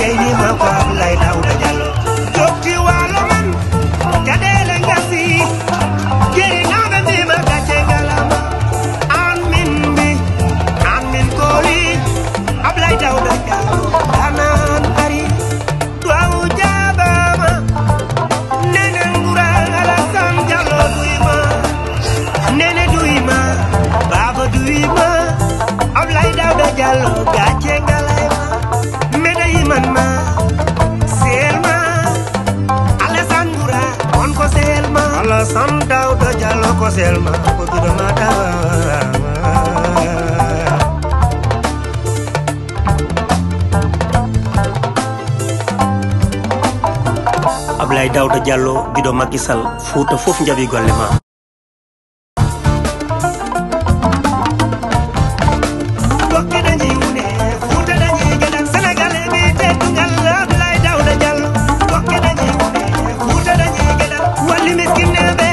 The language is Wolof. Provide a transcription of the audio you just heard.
yey ni ma ko Abdoulaye Daouda Diallo toog ci waalo man ca deele nga si naa da ni ma gàcce ngalama an min bi an min kooli Abdoulaye Daouda Diallo danaan ari duwaw jaabama nene ngura Alassane Diallo duy ma nene duy ma baaba duy ma Abdoulaye Daouda Diallo gàcce ala santa da jalo ko selma ko du mata Ablaye Dawda Diallo gido Macky Sall Fouta fof njabi golle ma in the